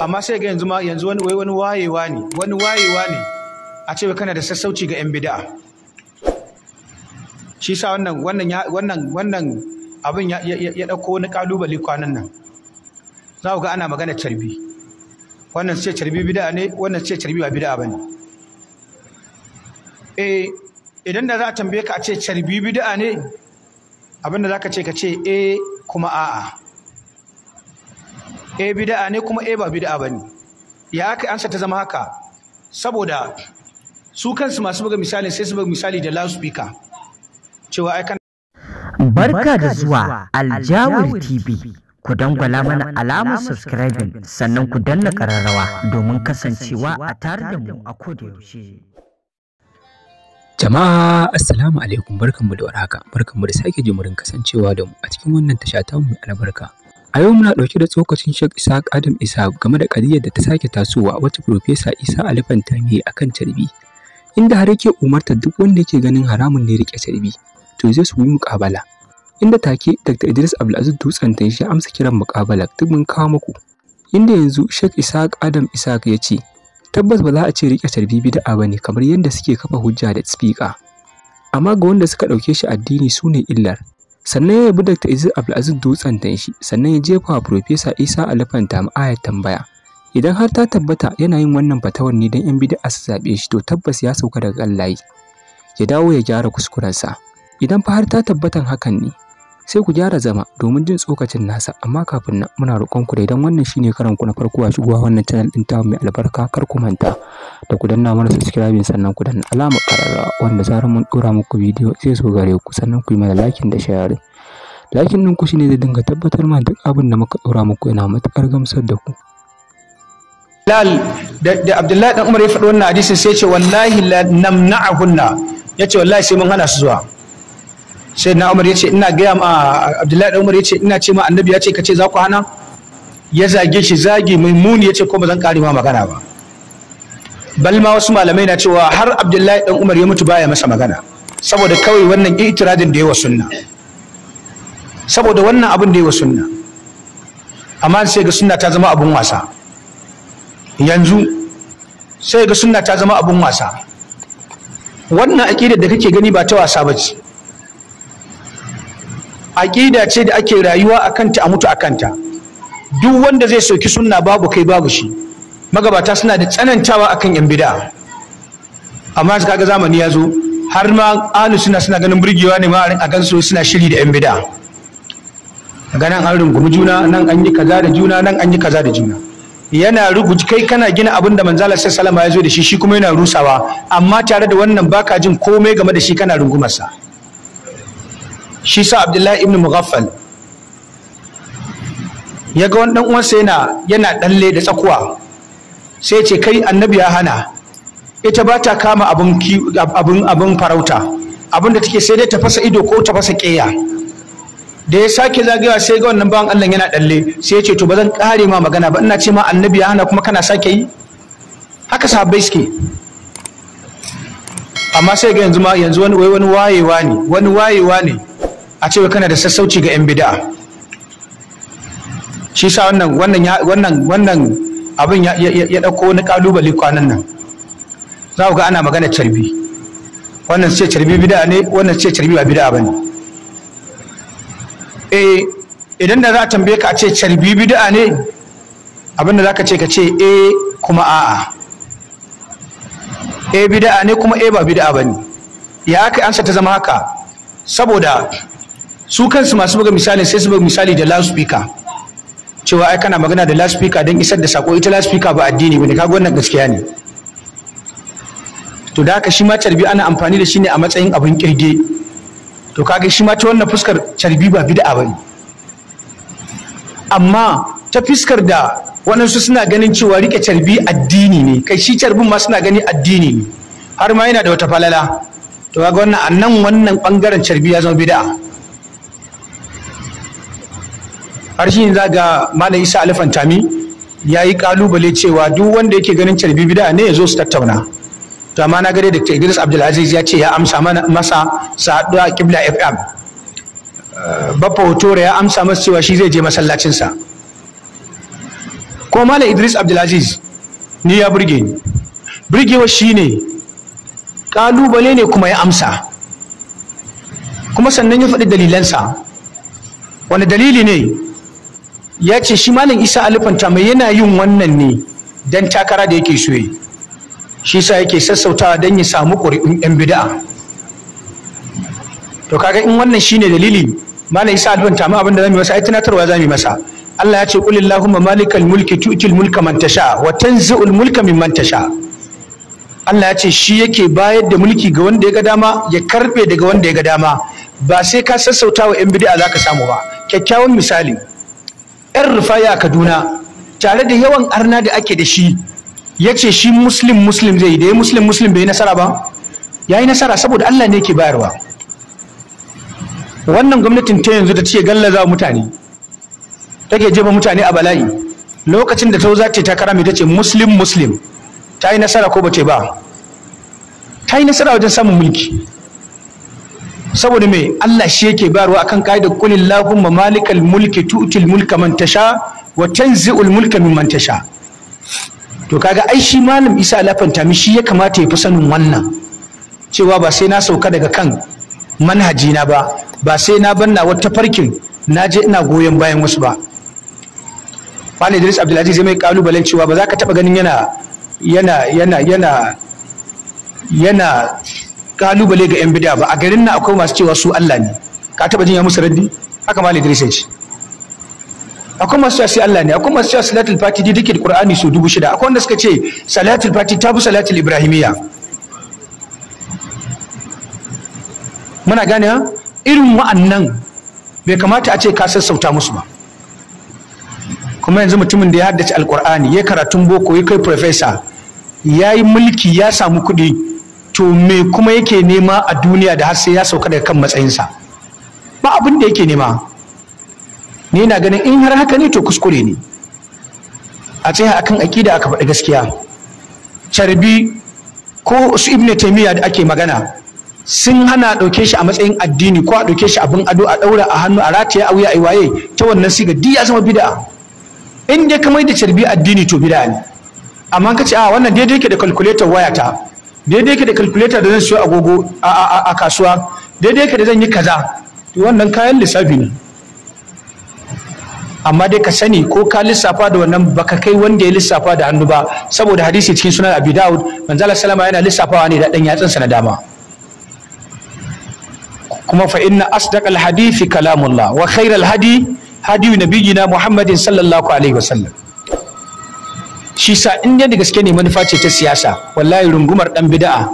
amma sai ga yanzu ma yanzu wani wani wayewa ne wani wayewa ne a ce kana da sassauci ga yan bid'a shi sa wannan wannan wannan wannan abin ya ya dauko wani kalubale kwanan nan za ku ga ana magana carbi wannan ce carbi bid'a ne wannan ce carbi ba bid'a bane eh idan da za a tambaye ka a ce carbi bid'a ne abin da za ka ce ka ce eh kuma a'a eh bida'a ne kuma e ba bidaa ba ne ya aka ansa ta zama haka saboda su kansu masu buga misali sai su buga misali da loudspeaker cewa barka da zuwa aljawar tv ku dangwala mana alamar subscribing sannan ku danna kararrawa domin kasancewa a tare da mu a yaushe. jama'a assalamu alaikum barkanmu da warhaka barkanmu da sake jimurin kasancewa da mu a cikin wannan tasha ta mu mai albarka A yau muna ɗauke da tsokacin Shek Isaac Adam Isa game da ƙadiyar da ta sake tasowa wacce Profesa Isa Alifan ta a kan carbi, inda har yake umarta duk wanda yake ganin haramun ne riƙe carbi, to zai su yi muƙabala. Inda take Dr. Idris Abdulaziz Dutsen ta ya amsa kiran muƙabala duk mun kawo muku. Inda yanzu Shek Isaac Adam isa ya ce, tabbas ba za a ce riƙe carbi ba ne kamar yadda suke kafa hujja da tsifika. amma ga wanda suka ɗauke shi addini su ne illar sannan ya bi Dr. Izir Abdulaziz dutsen shi sannan ya jefa wa Professor Isa Alfanta ma'ayar tambaya idan har ta tabbata yana yin wannan fatawar ne don yan bid'a su zaɓe shi to tabbas ya sauka daga Allah ya dawo ya gyara kuskurensa idan fa har ta tabbatan hakan ne sai ku gyara zama domin jin tsokacin nasa amma kafin nan muna roƙon ku da idan wannan shine karan ku na farko a shigowa wannan channel din ta mai albarka kar ku manta da ku danna mana subscribe sannan ku danna alamar ƙararrawa wanda zarar mun dora muku video sai su gare ku sannan ku yi mana like da share lakin din ku shine zai dinga tabbatar ma duk abin da muka ɗora muku yana matuƙar gamsar da ku. Lal da Abdullahi dan Umar ya faɗi wannan hadisin sai ce wallahi la namna'ahunna yace wallahi sai mun hana su zuwa. sai na umar ya ce ina gaya ma abdullahi da umar ya ce ina ce ma annabi ya ce ka ce za ku hana ya zage shi zagi mai muni ya ce ko ba zan kare ma magana ba bal ma wasu malamai na cewa har abdullahi dan umar ya mutu baya masa magana saboda kawai wannan itiradin da yawa sunna saboda wannan abin da yawa sunna amma sai ga sunna ta zama abun wasa yanzu sai ga sunna ta zama abun wasa wannan aqidar da kake gani ba ta wasa ba ce aqida ce da ake rayuwa a kanta a mutu a kanta duk wanda zai soki sunna babu kai babu shi magabata suna da tsanantawa akan yan bid'a amma kaga zamani ya zo har ma alu suna suna ganin burgewa ne ma a gansu suna shiri da yan bid'a ga nan an rungumi juna nan an yi kaza da juna nan an yi kaza da juna yana rubuci kai kana gina abin da manzala sai salama ya zo da shi shi kuma yana rusawa amma tare da wannan baka jin komai game da shi kana rungumarsa shi sa abdullahi ibn mughaffal ya ga wani uwansa yana yana dalle da tsakuwa sai ce kai annabi ya hana ita ba ta kama abin farauta abin da take sai dai ta fasa ido ko ta fasa keya da ya sake zagaya sai ga wannan bawan Allah yana dalle sai ya ce to ba zan kare ma magana ba ina ce ma annabi ya hana kuma kana sake yi haka sahabbai suke amma sai ga yanzu ma yanzu wani wani wayewa ne wani wayewa ne a cewa kana da sassauci ga 'yan bida'a shi sa wannan abin ya ɗauko wani ƙalubale kwanan nan za ku ga ana magana carbi wannan ce carbi bida'a ne wannan ce carbi ba bida'a ba ne eh, idan da za a tambaye ka a ce carbi bida'a ne abin da za ka ce ka ce e kuma a'a eh bida'a ne kuma e ba bida'a ba ne ya aka ansa ta zama haka saboda su kansu masu buga misali sai su buga misali da loudspeaker cewa ai kana magana da loudspeaker don isar da sako ita loudspeaker ba addini bane kaga wannan gaskiya ne to da haka shi ma carbi ana amfani da shi ne a matsayin abin kirge to kaga shi ma ta wannan fuskar carbi ba bid'a bane amma ta fuskar da waɗansu suna ganin cewa rike carbi addini ne kai shi carbin ma suna gani addini ne har ma yana da wata falala to kaga wannan annan wannan bangaren carbi ya zama bid'a har shi za ga malam isa alifan tami ya yi kalubale cewa duk wanda yake ganin carbi bida ne ya zo su tattauna to amma na gare dr idris abdulaziz ya ce ya amsa masa saduwa a kibla fm bappa hotore ya amsa masa cewa shi zai je masallacinsa ko malam idris abdulaziz ni ya burge ni burgewa shi ne kalubale ne kuma ya amsa kuma sannan ya faɗi dalilansa wani dalili ne ya ce shi malam isa alifanta mai yana yin wannan ne don takara da yake so shi sa yake sassautawa don ya samu ƙuri'un 'yan bida'a to kaga in wannan shine dalili malam isa alifanta ma abinda zami masa ai tunatarwa zami masa Allah ya ce qul illahumma malikal mulki tu'til mulka man tasha wa tanzi'ul mulka mimman tasha Allah ya ce shi yake bayar da mulki ga wanda ya ga dama ya karbe daga wanda ya ga dama ba sai ka sassautawa 'yan bida'a ka samu ba kyakkyawan misali yan rufaya kaduna tare da yawan arna da ake da shi ya ce shi muslim muslim zai da ya muslim muslim bai nasara ba ya yi nasara saboda allah ne ke bayarwa wannan gwamnatin ta yanzu ta ce gallaza mutane take jefa mutane a bala'i lokacin da ta za ta takara mai ta ce muslim muslim ta yi nasara ko ba ba ta yi nasara wajen samun mulki saboda me Allah shi yake bayarwa akan kaidar kulli illahumma mamalikal mulki tu'til mulka man tasha wa tanzi'ul mulka mimman tasha to kaga ai shi malam Isa lafanta shi ya kamata ya fi sanin wannan cewa ba sai na sauka daga kan manhaji na ba ba sai na banna wata farkin na je ina goyon bayan wasu ba Malam Idris Abdulaziz zai mai kalubalen cewa ba za ka taba ganin yana yana yana yana yana kalubale ga yan bid'a ba a garin nan akwai masu cewa su Allah ne ka taba jin ya musu raddi haka malam Idris ya ce akwai masu cewa sai Allah ne akwai masu cewa salatul fati dai take da Qur'ani su dubu shida akwai wanda suka ce salatul fati ta bi salatul ibrahimiyya muna gane irin wa'annan bai kamata a ce ka sassauta musu ba kuma yanzu mutumin da ya haddace alqur'ani ya karatun boko ya kai professor ya yi mulki ya samu kuɗi to me kuma yake nema a duniya da har sai ya sauka daga kan matsayinsa ba abin da yake nema ni na ganin in har haka ne to kuskure ne a tsaya akan aƙida aka faɗi gaskiya carbi ko su ibn taimiyya da ake magana sun hana ɗauke shi a matsayin addini ko a ɗauke shi abin ado a ɗaura a hannu a rataya a wuya a waye ta wannan siga duk ya zama bid'a in dai ka mai da carbi addini to bid'a ne amma ka ce a ah, wannan daidai ke da calculator wayata daidai ka da calculator da zan siyo agogo a kasuwa daidai ka da zan yi kaza to wannan kayan lissafi ne amma dai ka sani ko ka lissafa da wannan baka kai wanda ya lissafa da hannu ba saboda hadisi cikin sunan abi daud manzala salama yana lissafawa ne da dan sa na dama kuma fa inna asdaqal hadithi kalamullah wa khairal hadi hadi nabiyina muhammadin sallallahu alaihi wasallam shi sa in da gaske ne manufa ce ta siyasa wallahi rungumar dan bid'a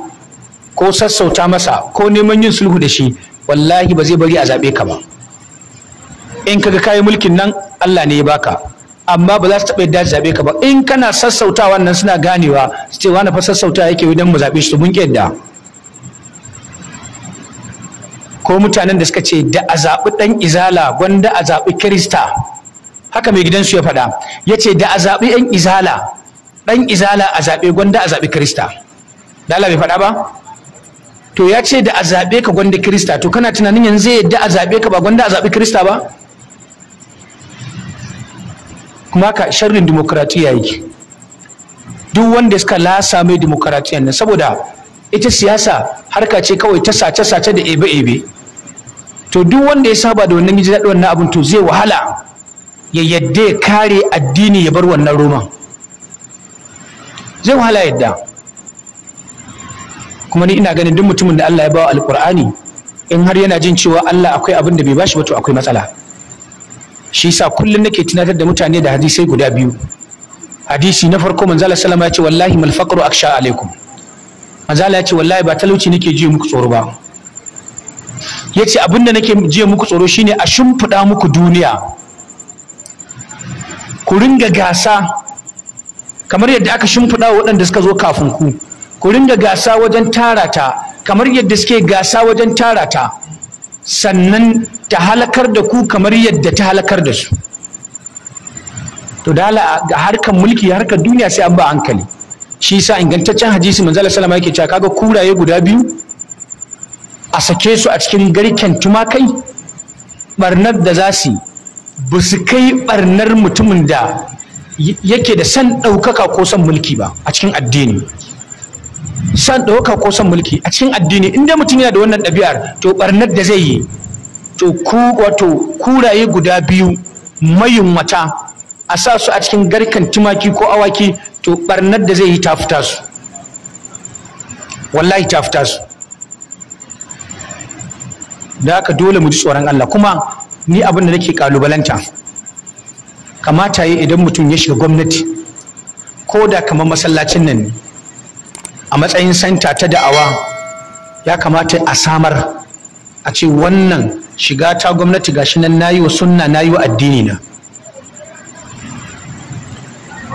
ko sassauta masa ko neman yin sulhu da shi wallahi ba zai bari a zaɓe ka ba in kaga kayan mulkin nan Allah ne ya baka amma ba za su taɓa yadda zaɓe ka ba in kana sassauta wannan suna ganewa su ce wani fa sassauta yake wajen mu zaɓe shi mun yadda ko mutanen da suka ce da a zaɓi ɗan izala gwanda a zaɓi kirista haka mai gidansu ya faɗa ya ce da a zaɓi ɗan izala ɗan izala a zaɓe gwanda a zaɓi kirista da Allah bai faɗa ba to ya ce da a zaɓe ka gwanda kirista to kana tunanin yanzu zai yadda a zaɓe ka ba gwanda a zaɓi kirista ba kuma ka sharrin dimokuraɗiyya yake duk wanda suka lasa mai dimokuraɗiyyan ne, saboda ita siyasa harka ce kawai ta sace-sace da ebe-ebe to duk wanda ya saba da wannan ji wannan abin to zai wahala ya yadda ya kare addini ya bar wannan roman zai wahala yadda kuma ni ina ganin duk mutumin da Allah ya bawa alkur'ani in har yana jin cewa Allah akwai abin da bai bashi ba to akwai matsala shi yasa kullum nake tunatar da mutane da hadisai guda biyu hadisi na farko manzo sallama ya ce wallahi mal faqru aksha alaikum manzo ya ce wallahi ba talauci nake ji muku tsoro ba yace ce abin da nake ji muku tsoro shine a shimfiɗa muku duniya ku ringa gasa kamar yadda aka shimfiɗa waɗanda suka zo kafin ku ku ringa gasa wajen tara kamar yadda suke gasa wajen tara ta sannan ta halakar da ku kamar yadda ta halakar da su to da ga harkar mulki harkar duniya sai an ba hankali shi yasa ingantaccen hadisi manzala sallama yake cewa kaga kuraye guda biyu a sake su a cikin garken tumakai barnar da za su yi ba su kai barnar mutumin da yake da san ɗaukaka ko son mulki ba a cikin addini san ɗaukaka ko son mulki a cikin addini inda mutum yana da wannan ɗabi'ar to barnar da zai yi to ku wato kuraye guda biyu mayummata a sa su a cikin garkan tumaki ko awaki to barnar da zai yi ta fita su wallahi ta fita su da haka dole mu ji tsoron Allah kuma ni abin da nake kalubalanta kamata yi idan mutum ya shiga gwamnati ko da kamar masallacin nan a matsayin santa ta da'awa ya kamata a samar a ce wannan shiga ta gwamnati gashi nan nayi wa sunna nayi wa addini na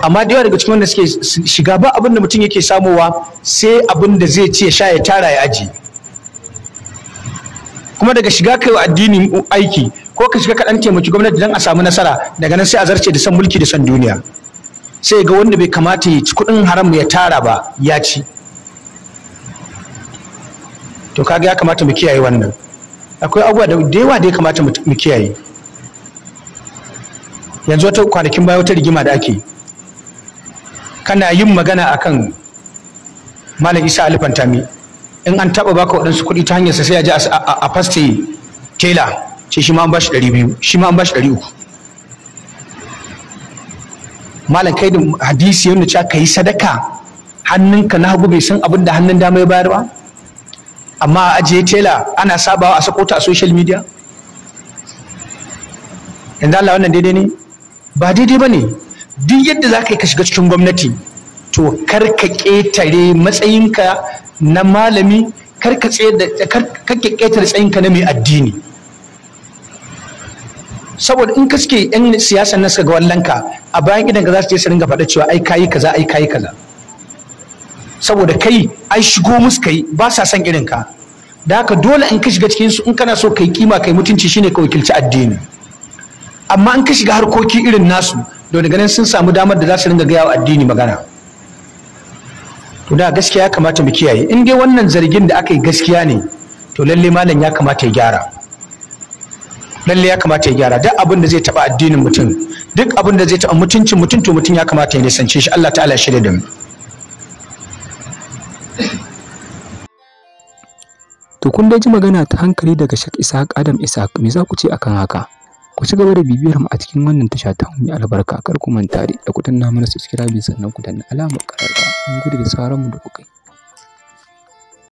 amma da yawa daga cikin wanda suke shiga ba abin da mutum yake samowa sai abin da zai ce sha ya tara ya aji kuma daga shiga kai wa addini aiki ko ka shiga kaɗan taimaki gwamnati don a samu nasara daga nan sai a zarce da san mulki da san duniya sai ga wanda bai kamata ya ci kuɗin haram ya tara ba ya ci to kaga ya kamata mu kiyaye wannan akwai abubuwa da yawa da ya kamata mu kiyaye yanzu wata kwanakin baya wata rigima da ake kana yin magana akan malam isa alifantami in an taɓa baka waɗansu kuɗi ta hanyarsa sai a ji a faste tela ce shi ma an bashi ɗari biyu shi ma an bashi ɗari uku malam kai da hadisi yadda cewa ka yi sadaka hannunka na hagu bai san abin da hannun dama ya bayar ba amma a ajiye tela ana sabawa a sakota a social media yanzu Allah wannan daidai ne ba daidai ba ne duk yadda za ka yi ka shiga cikin gwamnati to kar ka ƙetare matsayinka na malami kar ka ƙetare tsayinka na mai addini saboda in ka suke yan siyasan nan suka ga ka a bayan idan ka za su je su ringa faɗa cewa ai kayi kaza ai kayi kaza saboda kai ai shigo musu kai ba sa son irin ka da haka dole in ka shiga cikin su in kana so kai kima kai mutunci shine ka wakilci addini amma in ka shiga harkoki irin nasu da ganin sun samu damar da za su ringa gaya wa addini magana to da gaskiya ya kamata mu kiyaye in dai wannan zargin da aka yi gaskiya ne to lalle malam ya kamata ya gyara lalle ya kamata ya gyara duk abin da zai taba addinin mutum duk abin da zai taba mutuncin mutum to mutum ya kamata ya nisance shi Allah ta'ala shirya da mu to kun dai ji magana ta hankali daga shak Isaac Adam Isaac me za ku ce akan haka ku ci gaba da bibiyar mu a cikin wannan tasha ta mu albarka kar ku manta da ku tanna mana subscribe sannan ku danna alamar kararrawa mun gode da sauraron mu da kuka